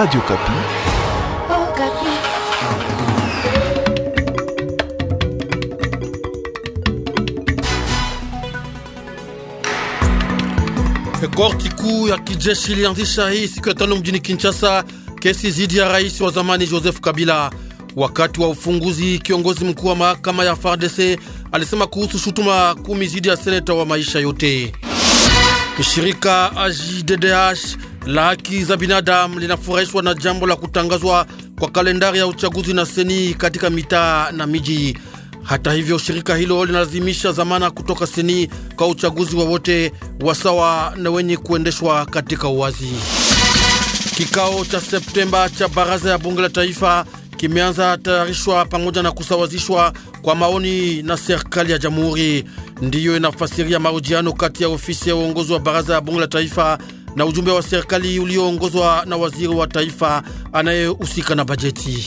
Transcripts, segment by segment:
Radio Kapi. Oh, Kapi. Korti kuu ya kijeshi ilianzisha hii siku ya tano mjini Kinshasa kesi dhidi ya rais wa zamani Joseph Kabila. Wakati wa ufunguzi, kiongozi mkuu wa mahakama ya FARDC alisema kuhusu shutuma kumi dhidi ya seneta wa maisha yote. Shirika AJDDH la haki za binadamu linafurahishwa na jambo la kutangazwa kwa kalendari ya uchaguzi na seni katika mitaa na miji. Hata hivyo, shirika hilo linalazimisha zamana kutoka seni kwa uchaguzi wa wote na wenye kuendeshwa katika uwazi. Kikao cha Septemba cha baraza ya bunge la taifa kimeanza tayarishwa pamoja na kusawazishwa kwa maoni na serikali ya jamhuri, ndiyo inafasiria mahojiano kati ya ofisi ya uongozi wa baraza ya bunge la taifa na ujumbe wa serikali ulioongozwa na waziri wa taifa anayehusika na bajeti.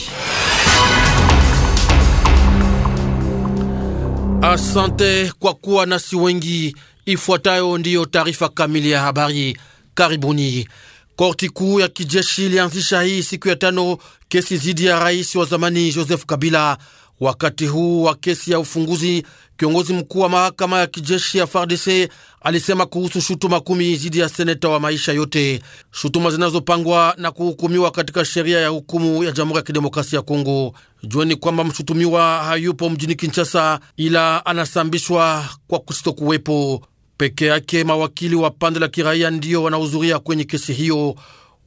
Asante kwa kuwa nasi wengi. Ifuatayo ndiyo taarifa kamili ya habari. Karibuni. Korti kuu ya kijeshi ilianzisha hii siku ya tano kesi dhidi ya rais wa zamani Joseph Kabila Wakati huu wa kesi ya ufunguzi, kiongozi mkuu wa mahakama ya kijeshi ya FARDC alisema kuhusu shutuma kumi dhidi ya seneta wa maisha yote, shutuma zinazopangwa na kuhukumiwa katika sheria ya hukumu ya Jamhuri ya Kidemokrasia ya Kongo. Jueni kwamba mshutumiwa hayupo mjini Kinshasa, ila anasambishwa kwa kusitokuwepo peke yake. Mawakili wa pande la kiraia ndiyo wanahudhuria kwenye kesi hiyo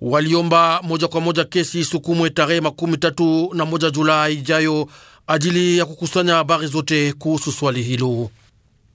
waliomba moja kwa moja kesi isukumwe tarehe makumi tatu na moja Julai ijayo ajili ya kukusanya habari zote kuhusu swali hilo.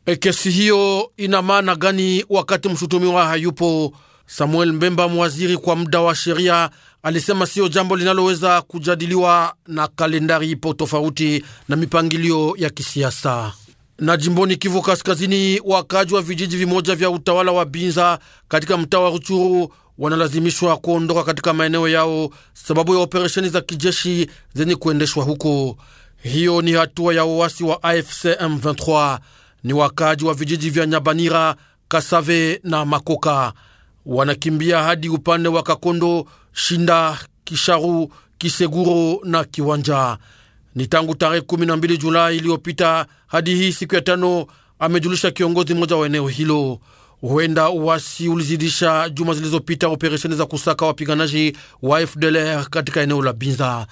E, kesi hiyo ina maana gani wakati mshutumiwa hayupo? Samuel Mbemba, mwaziri kwa muda wa sheria, alisema siyo jambo linaloweza kujadiliwa na kalendari ipo tofauti na mipangilio ya kisiasa. Na jimboni Kivu Kaskazini, wakaji wa vijiji vimoja vya utawala wa Binza katika mtaa wa Ruchuru wanalazimishwa kuondoka katika maeneo yao sababu ya operesheni za kijeshi zenye kuendeshwa huko. Hiyo ni hatua ya uasi wa AFC M23. Ni wakaji wa vijiji vya Nyabanira, Kasave na Makoka wanakimbia hadi upande wa Kakondo, Shinda, Kisharu, Kiseguro na Kiwanja. Ni tangu tarehe 12 Julai iliyopita hadi hii siku ya tano, amejulisha kiongozi mmoja wa eneo hilo. Huenda uasi ulizidisha juma zilizopita operesheni za kusaka wapiganaji wa FDLR katika eneo la Binza.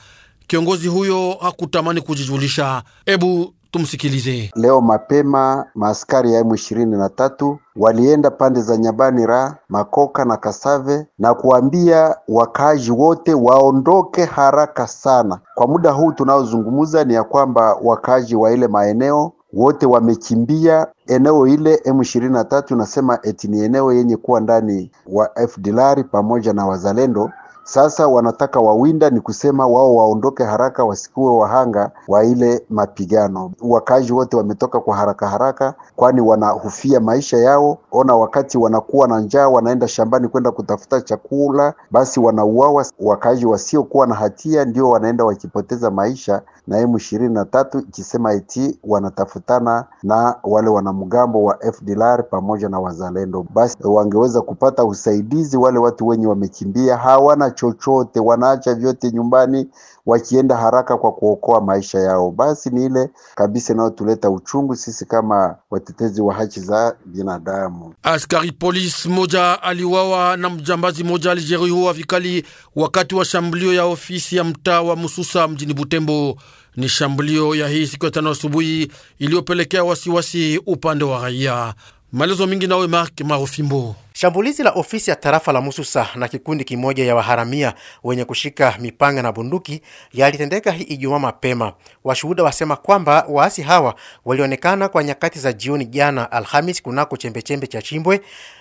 Kiongozi huyo hakutamani kujijulisha. Ebu tumsikilize. Leo mapema maaskari ya M23 walienda pande za Nyabani ra Makoka na Kasave na kuambia wakaaji wote waondoke haraka sana. Kwa muda huu tunaozungumza ni ya kwamba wakaaji wa ile maeneo wote wamekimbia eneo ile. M23 inasema eti ni eneo yenye kuwa ndani wa FDLR pamoja na wazalendo sasa wanataka Wawinda ni kusema wao waondoke haraka, wasikuwe wahanga wa ile mapigano. Wakazi wote wametoka kwa haraka haraka, kwani wanahufia maisha yao. Ona, wakati wanakuwa na njaa, wanaenda shambani kwenda kutafuta chakula, basi wanauawa. Wakazi wasiokuwa na hatia ndio wanaenda wakipoteza maisha, na M23 ikisema eti wanatafutana na wale wanamgambo wa FDLR pamoja na wazalendo, basi wangeweza kupata usaidizi wale watu wenye wamekimbia hawana chochote, wanaacha vyote nyumbani, wakienda haraka kwa kuokoa maisha yao. Basi ni ile kabisa inayotuleta uchungu sisi kama watetezi wa haki za binadamu. Askari polisi moja aliwawa na mjambazi moja alijeruhiwa vikali wakati wa shambulio ya ofisi ya mtaa wa Mususa mjini Butembo. Ni shambulio ya hii siku ya tano asubuhi iliyopelekea wasiwasi upande wa raia. Maelezo mingi nawe Mark Marofimbo. Shambulizi la ofisi ya tarafa la Mususa na kikundi kimoja ya waharamia wenye kushika mipanga na bunduki yalitendeka hii Ijumaa mapema. Washuhuda wasema kwamba waasi hawa walionekana kwa nyakati za jioni jana Alhamis kunako chembechembe cha Chimbwe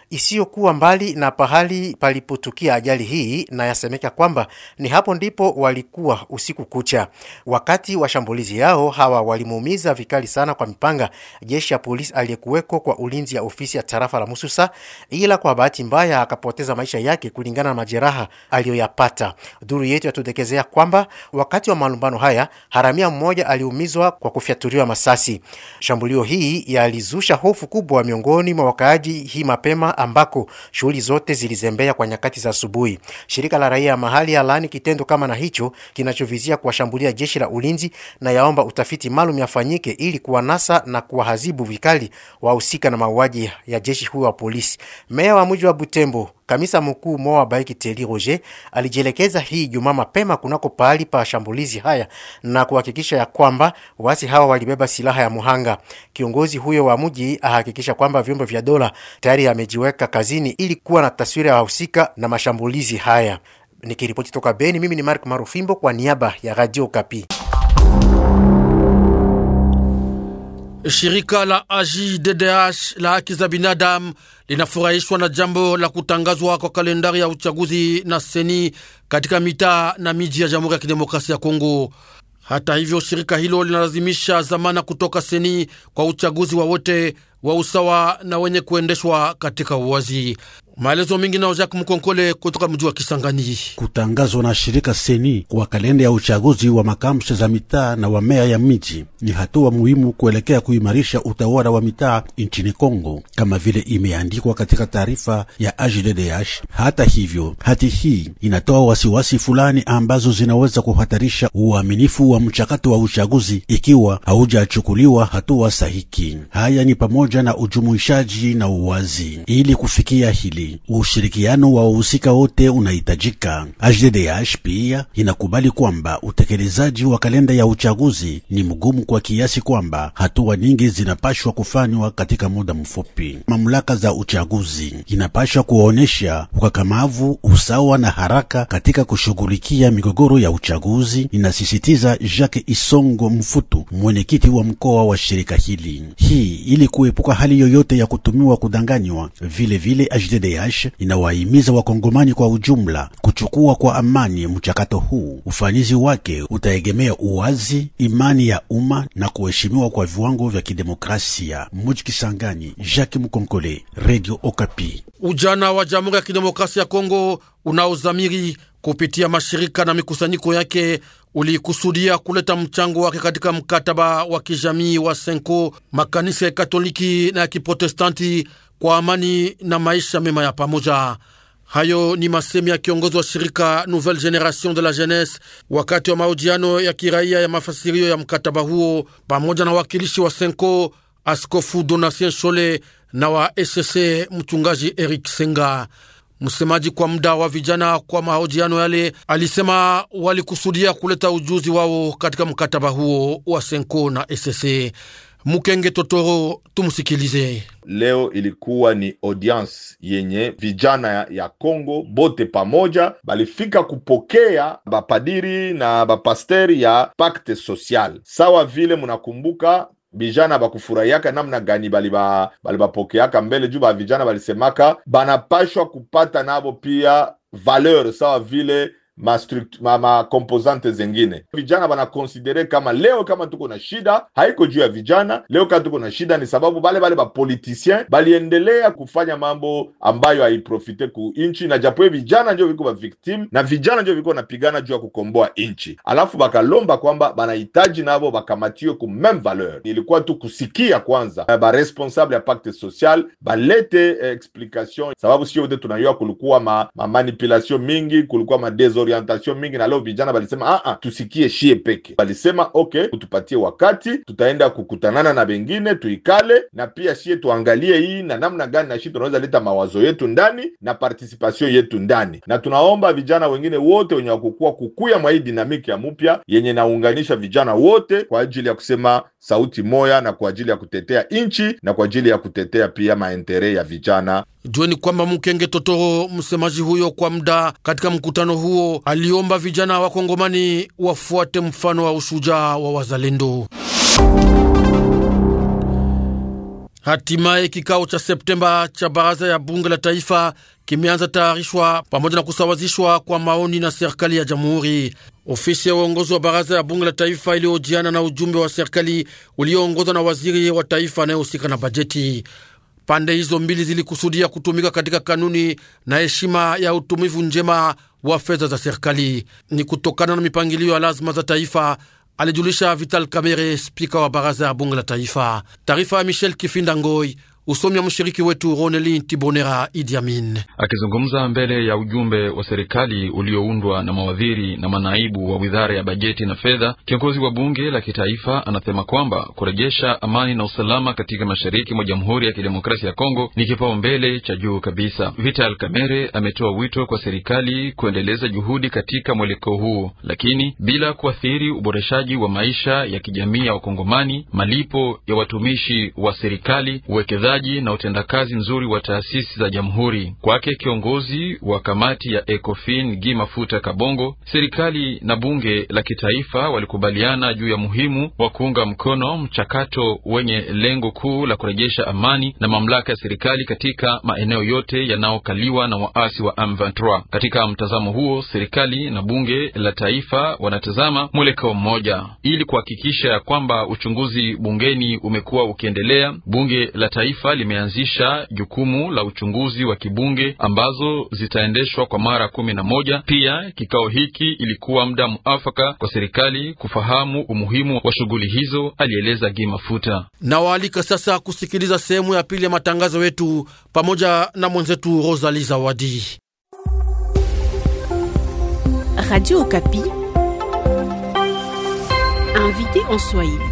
isiyokuwa mbali na pahali palipotukia ajali hii, na yasemeka kwamba ni hapo ndipo walikuwa usiku kucha. Wakati wa shambulizi yao hawa walimuumiza vikali sana kwa mipanga jeshi ya polisi aliyekuweko kwa ulinzi ya ofisi ya tarafa la Mususa, ila kwa bahati mbaya akapoteza maisha yake kulingana na majeraha aliyoyapata. Duru yetu yatudekezea kwamba wakati wa malumbano haya haramia mmoja aliumizwa kwa kufyatuliwa masasi. Shambulio hii yalizusha hofu kubwa miongoni mwa wakaaji hii mapema ambako shughuli zote zilizembea kwa nyakati za asubuhi. Shirika la raia mahali halaani kitendo kama na hicho kinachovizia kuwashambulia jeshi la ulinzi na yaomba utafiti maalum yafanyike ili kuwanasa na kuwahazibu vikali wahusika na mauaji ya jeshi huyo wa polisi. Meya wa mji wa Butembo Kamisa mkuu Moa Baiki Teli Roger alijielekeza hii Jumaa mapema kunako pahali pa shambulizi haya na kuhakikisha ya kwamba wasi hawa walibeba silaha ya muhanga. Kiongozi huyo wa mji ahakikisha kwamba vyombo vya dola tayari yamejiweka kazini ili kuwa na taswira ya wahusika na mashambulizi haya. Nikiripoti toka Beni, mimi ni Mark Marufimbo kwa niaba ya Radio Kapi. Shirika la AJDDH la haki za binadamu linafurahishwa na jambo la kutangazwa kwa kalendari ya uchaguzi na seni katika mitaa na miji ya Jamhuri ya Kidemokrasia ya Kongo. Hata hivyo, shirika hilo linalazimisha zamana kutoka seni kwa uchaguzi wa wote wa usawa na wenye kuendeshwa katika uwazi. Maelezo mingi nao Jacques Mkonkole kutoka mji wa Kisangani. Kutangazwa na shirika seni kwa kalenda ya uchaguzi wa makamsha za mitaa na wa meya ya miji ni hatua muhimu kuelekea kuimarisha utawala wa mitaa nchini Kongo kama vile imeandikwa katika taarifa ya AJDDH. Hata hivyo, hati hii inatoa wasiwasi fulani ambazo zinaweza kuhatarisha uaminifu wa mchakato wa uchaguzi ikiwa haujachukuliwa hatua sahiki. Haya ni pamoja na ujumuishaji na uwazi ili kufikia hili Ushirikiano wa wahusika wote unahitajika. HDDH pia inakubali kwamba utekelezaji wa kalenda ya uchaguzi ni mgumu kwa kiasi kwamba hatua nyingi zinapashwa kufanywa katika muda mfupi. Mamlaka za uchaguzi inapashwa kuwaonyesha ukakamavu, usawa na haraka katika kushughulikia migogoro ya uchaguzi, inasisitiza Jacques Isongo Mfutu, mwenyekiti wa mkoa wa shirika hili. Hii ili kuepuka hali yoyote ya kutumiwa kudanganywa. Vile vile CDH inawahimiza wakongomani kwa ujumla kuchukua kwa amani mchakato huu. Ufanisi wake utaegemea uwazi, imani ya umma na kuheshimiwa kwa viwango vya kidemokrasia. Muji Kisangani, Jacques Mkonkole, Radio Okapi. Ujana wa Jamhuri ya Kidemokrasia ya Kongo unaozamiri kupitia mashirika na mikusanyiko yake ulikusudia kuleta mchango wake katika mkataba wa kijamii wa Senko, makanisa ya Katoliki na ya Kiprotestanti kwa amani na maisha mema ya pamoja. Hayo ni masemi ya kiongozi wa shirika Nouvelle Generation de la Jeunesse wakati wa mahojiano ya kiraia ya mafasirio ya mkataba huo pamoja na wakilishi wa Senko, Askofu Donatien Shole na wa Esese, mchungaji Eric Senga. Msemaji kwa muda wa vijana kwa mahojiano yale alisema walikusudia kuleta ujuzi wao katika mkataba huo wa Senko na Esese. Mukenge Totoro, tumusikilize. Leo ilikuwa ni audience yenye vijana ya Kongo bote pamoja balifika kupokea bapadiri na bapasteri ya pacte social. Sawa vile munakumbuka vijana bakufurahiaka namna gani balibapokeaka bali mbele juu ba vijana balisemaka banapashwa kupata nabo pia valeur sawa vile ma, ma, ma composante zengine. Vijana wanakonsidere kama leo kama tuko na shida haiko juu ya vijana leo, kama tuko na shida ni sababu bale bale bapolitisien baliendelea kufanya mambo ambayo haiprofite ku inchi, na japoye vijana ndio viko victim na vijana ndio viko napigana juu ya kukomboa inchi, alafu bakalomba kwamba banahitaji navo bakamatiwe ku meme valeur. Ilikuwa tu kusikia kwanza eh, baresponsable ya pacte social balete eh, explication, sababu sio wote tunayoa kulikuwa ma, ma manipulation mingi, kulikuwa ma desor orientation mingi, na leo vijana balisema a ah, ah, tusikie shie peke, balisema okay, tupatie wakati, tutaenda kukutanana na bengine tuikale, na pia shie tuangalie hii na namna gani na shie tunaweza leta mawazo yetu ndani na participation yetu ndani, na tunaomba vijana wengine wote wenye wakukua kukuya mwa hii dinamiki ya mupya yenye naunganisha vijana wote kwa ajili ya kusema sauti moya na kwa ajili ya kutetea nchi na kwa ajili ya kutetea pia maendeleo ya vijana. Jueni kwamba Mukenge Totoro, msemaji huyo kwa muda katika mkutano huo, aliomba vijana wa Kongomani wafuate mfano wa ushujaa wa wazalendo. Hatimaye kikao cha Septemba cha baraza ya bunge la taifa kimeanza tayarishwa pamoja na kusawazishwa kwa maoni na serikali ya jamhuri. Ofisi ya uongozi wa baraza ya bunge la taifa iliyojiana na ujumbe wa serikali ulioongozwa na waziri wa taifa anayehusika na bajeti. Pande hizo mbili zilikusudia kutumika katika kanuni na heshima ya utumivu njema wa fedha za serikali, ni kutokana na mipangilio ya lazima za taifa, alijulisha Vital Kamerhe, spika wa baraza ya bunge la taifa. Taarifa ya Michel Kifinda Ngoi Usomi wa mshiriki wetu Ronelin Tibonera Idi Amin akizungumza mbele ya ujumbe wa serikali ulioundwa na mawaziri na manaibu wa wizara ya bajeti na fedha. Kiongozi wa bunge la kitaifa anasema kwamba kurejesha amani na usalama katika mashariki mwa Jamhuri ya Kidemokrasia ya Kongo ni kipaumbele cha juu kabisa. Vital Kamerhe ametoa wito kwa serikali kuendeleza juhudi katika mwelekeo huo, lakini bila kuathiri uboreshaji wa maisha ya kijamii ya Wakongomani, malipo ya watumishi wa serikali, uwekezaji uendeshaji na utendakazi mzuri wa taasisi za jamhuri. Kwake kiongozi wa kamati ya ECOFIN Gi Mafuta Kabongo, serikali na bunge la kitaifa walikubaliana juu ya muhimu wa kuunga mkono mchakato wenye lengo kuu la kurejesha amani na mamlaka ya serikali katika maeneo yote yanayokaliwa na waasi wa M23. Katika mtazamo huo, serikali na bunge la taifa wanatazama mwelekeo mmoja ili kuhakikisha ya kwamba uchunguzi bungeni umekuwa ukiendelea. Bunge la taifa taifa limeanzisha jukumu la uchunguzi wa kibunge ambazo zitaendeshwa kwa mara kumi na moja. Pia kikao hiki ilikuwa muda muafaka kwa serikali kufahamu umuhimu wa shughuli hizo, alieleza Gimafuta. Nawaalika sasa kusikiliza sehemu ya pili ya matangazo yetu pamoja na mwenzetu Rosali Zawadi. Radio Okapi, invité en Swahili.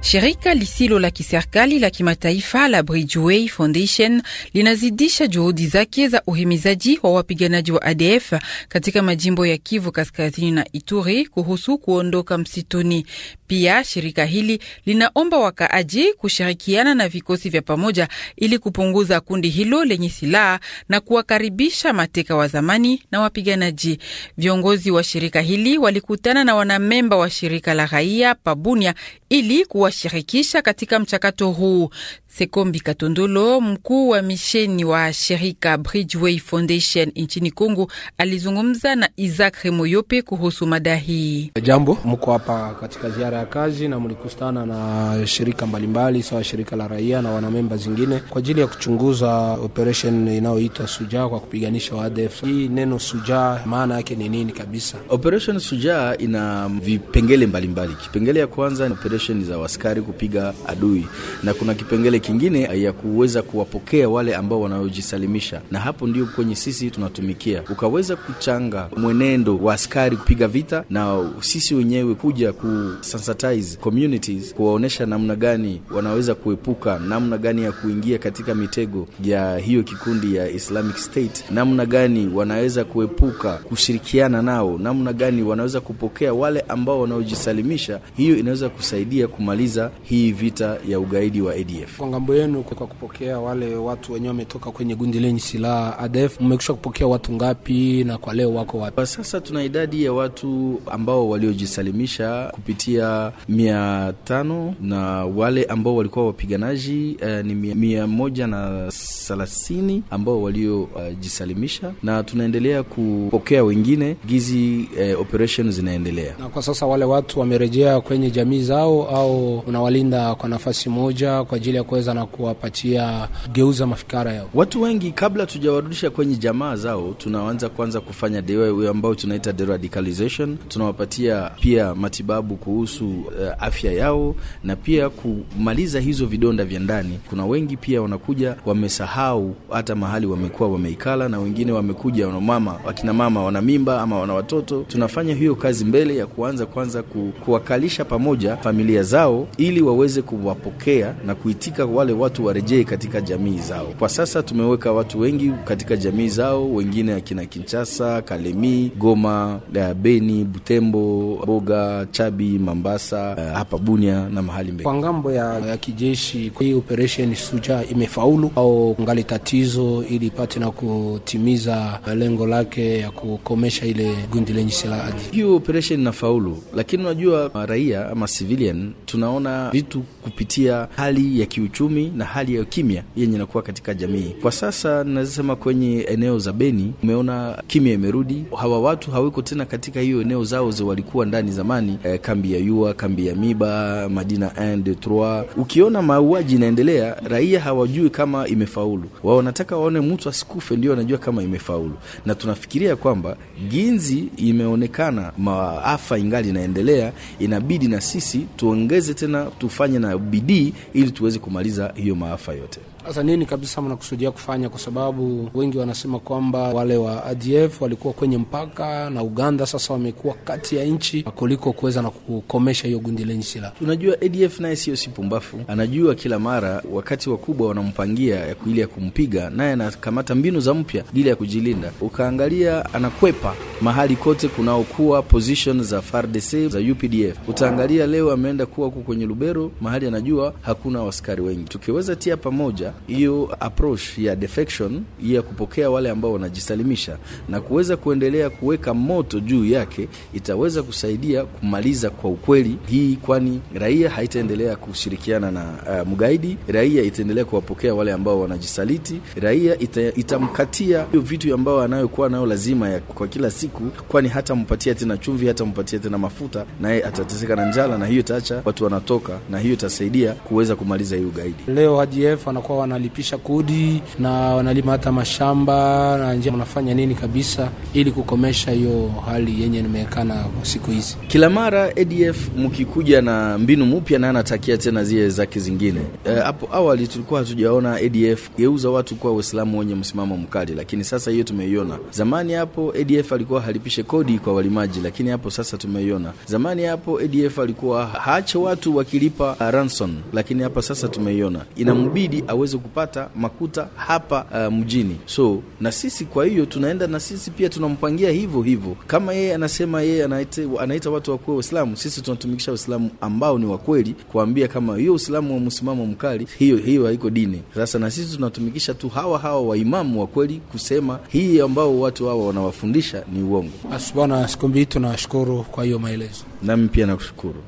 Shirika lisilo la kiserikali la kimataifa la Bridgeway Foundation linazidisha juhudi zake za uhimizaji wa wapiganaji wa ADF katika majimbo ya Kivu Kaskazini na Ituri kuhusu kuondoka msituni. Pia shirika hili linaomba wakaaji kushirikiana na vikosi vya pamoja ili kupunguza kundi hilo lenye silaha na kuwakaribisha mateka wa zamani na wapiganaji. Viongozi wa shirika hili walikutana na wanamemba wa shirika la raia Pabunia ili kuwa kuwashirikisha katika mchakato huu. Sekombi Katondolo, mkuu wa misheni wa shirika Bridgeway Foundation nchini congo alizungumza na Isaac Remoyope kuhusu mada hii. Jambo, mko hapa katika ziara ya kazi na mlikustana na shirika mbalimbali sawa shirika la raia na wanamemba zingine kwa ajili ya kuchunguza operation inayoitwa suja kwa kupiganisha waadf. Hii neno suja maana yake ni nini kabisa? Operation Suja ina vipengele mbalimbali Kipengele ya kwanza ni operation za waskari kupiga adui na kuna kipengele kingine ya kuweza kuwapokea wale ambao wanaojisalimisha, na hapo ndio kwenye sisi tunatumikia, ukaweza kuchanga mwenendo wa askari kupiga vita, na sisi wenyewe kuja kusensitize communities, kuwaonyesha namna gani wanaweza kuepuka, namna gani ya kuingia katika mitego ya hiyo kikundi ya Islamic State, namna gani wanaweza kuepuka kushirikiana nao, namna gani wanaweza kupokea wale ambao wanaojisalimisha. Hiyo inaweza kusaidia kumaliza hii vita ya ugaidi wa ADF ngambo yenu kwa kupokea wale watu wenyewe wametoka kwenye gundi lenye silaha ADF, mmekwisha kupokea watu ngapi na kwa leo wako wapi? Kwa sasa tuna idadi ya watu ambao waliojisalimisha kupitia mia tano na wale ambao walikuwa wapiganaji uh, ni mia moja na thelathini ambao waliojisalimisha, uh, na tunaendelea kupokea wengine gizi, uh, eh, operation zinaendelea. Na kwa sasa wale watu wamerejea kwenye jamii zao au unawalinda kwa nafasi moja kwa ajili ya kuweza na kuwapatia geuza mafikara yao. Watu wengi kabla tujawarudisha kwenye jamaa zao, tunaanza kwanza kufanya deo ambayo tunaita deradicalization. Tunawapatia pia matibabu kuhusu uh, afya yao na pia kumaliza hizo vidonda vya ndani. Kuna wengi pia wanakuja wamesahau hata mahali wamekuwa wameikala, na wengine wamekuja wana mama, wakina mama wana mimba ama wana watoto. Tunafanya hiyo kazi mbele ya kuanza kwanza ku, kuwakalisha pamoja familia zao ili waweze kuwapokea na kuitika wale watu warejee katika jamii zao. Kwa sasa tumeweka watu wengi katika jamii zao, wengine akina Kinshasa, Kalemi, Goma, eh, Beni, Butembo, Boga, Chabi, Mambasa, eh, hapa Bunia na mahali mbele. Kwa ngambo ya, ya kijeshi, hii operation Suja imefaulu au ngali tatizo ili ipate na kutimiza lengo lake ya kukomesha ile gundi lenye silaha? Hiyo operation inafaulu, lakini unajua raia ama civilian tunaona vitu kupitia hali ya kiuchumi uchumi na hali ya kimya yenye inakuwa katika jamii kwa sasa. Nazisema kwenye eneo za Beni, umeona kimya imerudi, hawa watu hawiko tena katika hiyo eneo zao za walikuwa ndani zamani, e, kambi ya yua, kambi ya miba, madina 1 2 3. Ukiona mauaji inaendelea, raia hawajui kama imefaulu, wao wanataka waone mtu asikufe, ndio wanajua kama imefaulu, na tunafikiria kwamba ginzi imeonekana maafa ingali inaendelea, inabidi na sisi tuongeze tena, tufanye na bidii ili tuweze kumaliza kumaliza hiyo maafa yote. Sasa nini kabisa mnakusudia kufanya? Kwa sababu wengi wanasema kwamba wale wa ADF walikuwa kwenye mpaka na Uganda, sasa wamekuwa kati ya nchi kuliko kuweza na kukomesha hiyo gundi lenye silaha. Tunajua ADF naye siyo si pumbafu, anajua kila mara wakati wakubwa wanampangia ili ya kumpiga, naye anakamata mbinu za mpya ili ya kujilinda. Ukaangalia anakwepa mahali kote kunaokuwa position za FARDC za UPDF. Utaangalia leo ameenda kuwa huko kwenye Lubero, mahali anajua hakuna waskari wengi. Tukiweza tia pamoja hiyo approach ya defection ya kupokea wale ambao wanajisalimisha na kuweza kuendelea kuweka moto juu yake, itaweza kusaidia kumaliza kwa ukweli hii, kwani raia haitaendelea kushirikiana na uh, mgaidi. Raia itaendelea kuwapokea wale ambao wanajisaliti. Raia ita, itamkatia hiyo vitu ambao anayokuwa nayo lazima ya kwa kila siku, kwani hata hatampatia tena chumvi, hatampatia tena mafuta, naye atateseka na njala, na hiyo itaacha watu wanatoka, na hiyo itasaidia kuweza kumaliza hii ugaidi. Leo Haji anakuwa wanalipisha kodi na wanalima hata mashamba na njia, wanafanya nini kabisa ili kukomesha hiyo hali yenye nimeekana kwa siku hizi. Kila mara ADF mkikuja na mbinu mpya, na anatakia tena zile zake zingine. E, hapo e, awali tulikuwa hatujaona ADF geuza watu kuwa Waislamu wenye msimamo mkali, lakini sasa hiyo tumeiona. Zamani hapo ADF alikuwa halipishe kodi kwa walimaji, lakini hapo sasa tumeiona. Zamani hapo ADF alikuwa haache watu wakilipa ransom, lakini hapa sasa tumeiona inambidi aweze waweze kupata makuta hapa uh, mjini. So na sisi kwa hiyo tunaenda na sisi pia tunampangia hivyo hivyo, kama yeye anasema yeye anaita, watu wakuwe Waislamu, sisi tunatumikisha Waislamu ambao ni wa kweli, kuambia kama hiyo Uislamu wa msimamo mkali, hiyo hiyo haiko dini. Sasa na sisi tunatumikisha tu hawa hawa waimamu wa kweli, kusema hii ambao watu hawa wanawafundisha ni uongo. Bwana siku mbili tunashukuru kwa hiyo maelezo. Nami pia nakushukuru.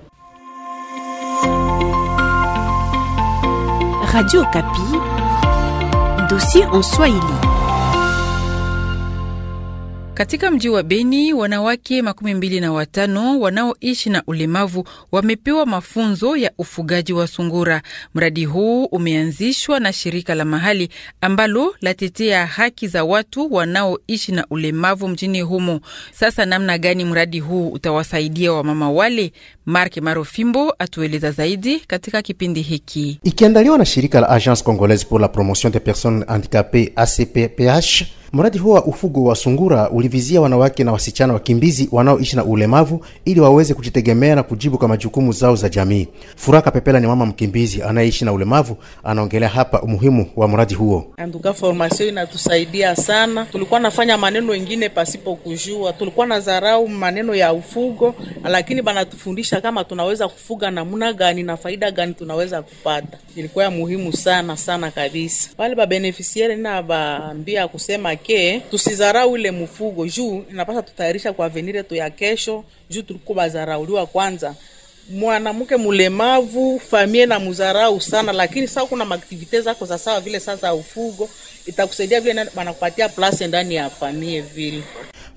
Radio Kapi, dossier en ilie Katika mji wa Beni, wanawake makumi mbili na watano wanaoishi na ulemavu wamepewa mafunzo ya ufugaji wa sungura. Mradi huu umeanzishwa na shirika la mahali ambalo latetea haki za watu wanaoishi na ulemavu mjini humo. Sasa namna gani mradi huu utawasaidia wamama wale? Mark Marofimbo atueleza zaidi katika kipindi hiki, ikiandaliwa na shirika la Agence Congolaise pour la Promotion des Personnes Handicapées ACPPH Mradi huo wa ufugo wa sungura ulivizia wanawake na wasichana wakimbizi wanaoishi na ulemavu ili waweze kujitegemea na kujibu kwa majukumu zao za jamii. Furaka Pepela ni mama mkimbizi anayeishi na ulemavu, anaongelea hapa umuhimu wa mradi huo. Anduka formasio inatusaidia sana, tulikuwa nafanya maneno ingine pasipo kujua, tulikuwa na dharau maneno ya ufugo, lakini banatufundisha kama tunaweza kufuga namna gani na faida gani tunaweza kupata. Ilikuwa ya muhimu sana sana kabisa. Wale babenefisiari na baambia kusema yake, tusidharau ile mfugo juu inapasa tutayarisha kwa venire tu ya kesho, juu tulikuwa bazarauliwa kwanza mwanamke mulemavu famie na muzarau sana, lakini sasa kuna maaktivite zako za sawa vile sasa ufugo itakusaidia vile wanakupatia plase ndani ya famie vile.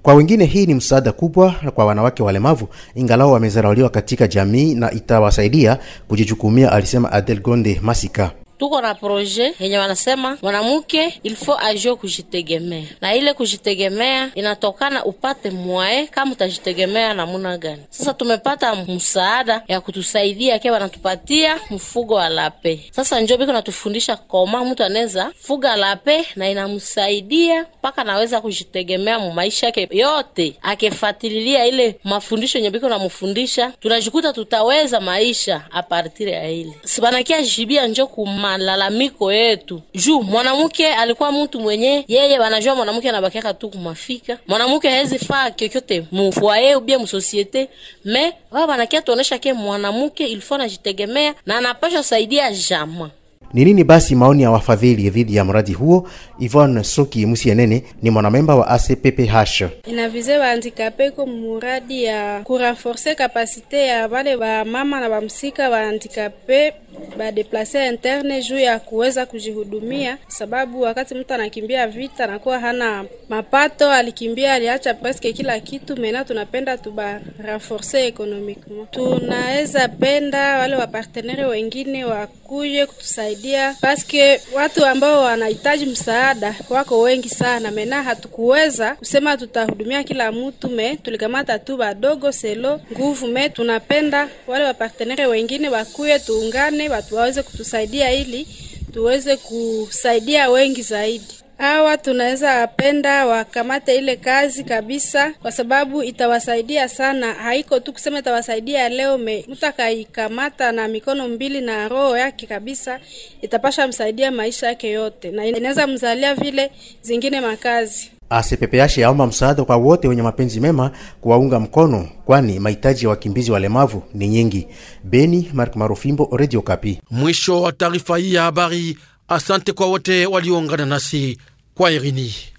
Kwa wengine hii ni msaada kubwa kwa wanawake walemavu, ingalao wamezarauliwa katika jamii na itawasaidia kujichukumia, alisema Adel Gonde Masika tuko na proje yenye wanasema mwanamke ilifo ajue kujitegemea, na ile kujitegemea inatokana upate mwae kama utajitegemea namuna gani. Sasa tumepata msaada ya kutusaidia kia wanatupatia mfugo wa lape. Sasa njo biko natufundisha koma mtu anaweza fuga lape na inamsaidia mpaka naweza kujitegemea mu maisha yake yote, akifatililia ile mafundisho yenye biko namufundisha, tunajikuta tutaweza maisha apartire ya ile sibanakia jibia njo kuma malalamiko yetu juu mwanamke alikuwa mtu mwenye yeye wanajua mwanamke anabakiaka tu kumafika, mwanamke hawezi faa kyokyote mufwaye ubie musosiete me wao wanakia tuonesha ke mwanamke ilifo anajitegemea na anapasha saidia jama ni nini basi maoni ya wafadhili dhidi ya mradi huo? Yvonne Soki Musienene ni mwanamemba wa ACPPH. Inavize wahandikape ko muradi ya kurenforce kapasite ya wale wa mama na wamsika wahandikape badeplase interne juu ya kuweza kujihudumia, sababu wakati mtu anakimbia vita anakuwa hana mapato, alikimbia aliacha presque kila kitu. Mena tunapenda tubarenforce ekonomikema, tunaweza penda wale wapartenere wengine wakuye kutusaidia kutusaidia paske watu ambao wanahitaji msaada wako wengi sana. Mena hatukuweza kusema tutahudumia kila mtu, me tulikamata tu wadogo selo nguvu. Me tunapenda wale wapartenere wengine wakuye, tuungane, watu waweze kutusaidia ili tuweze kusaidia wengi zaidi hawa tunaweza wapenda wakamate ile kazi kabisa, kwa sababu itawasaidia sana. Haiko tu kusema itawasaidia leo, mtu akaikamata na mikono mbili na roho yake kabisa, itapasha msaidia maisha yake yote, na inaweza mzalia vile zingine makazi. ACPPH yaomba msaada kwa wote wenye mapenzi mema kuwaunga mkono, kwani mahitaji ya wakimbizi walemavu ni nyingi. Beni, Mark Marufimbo, Radio Kapi. Mwisho wa taarifa hii ya habari. Asante kwa wote walioungana nasi. Quoi, Irini?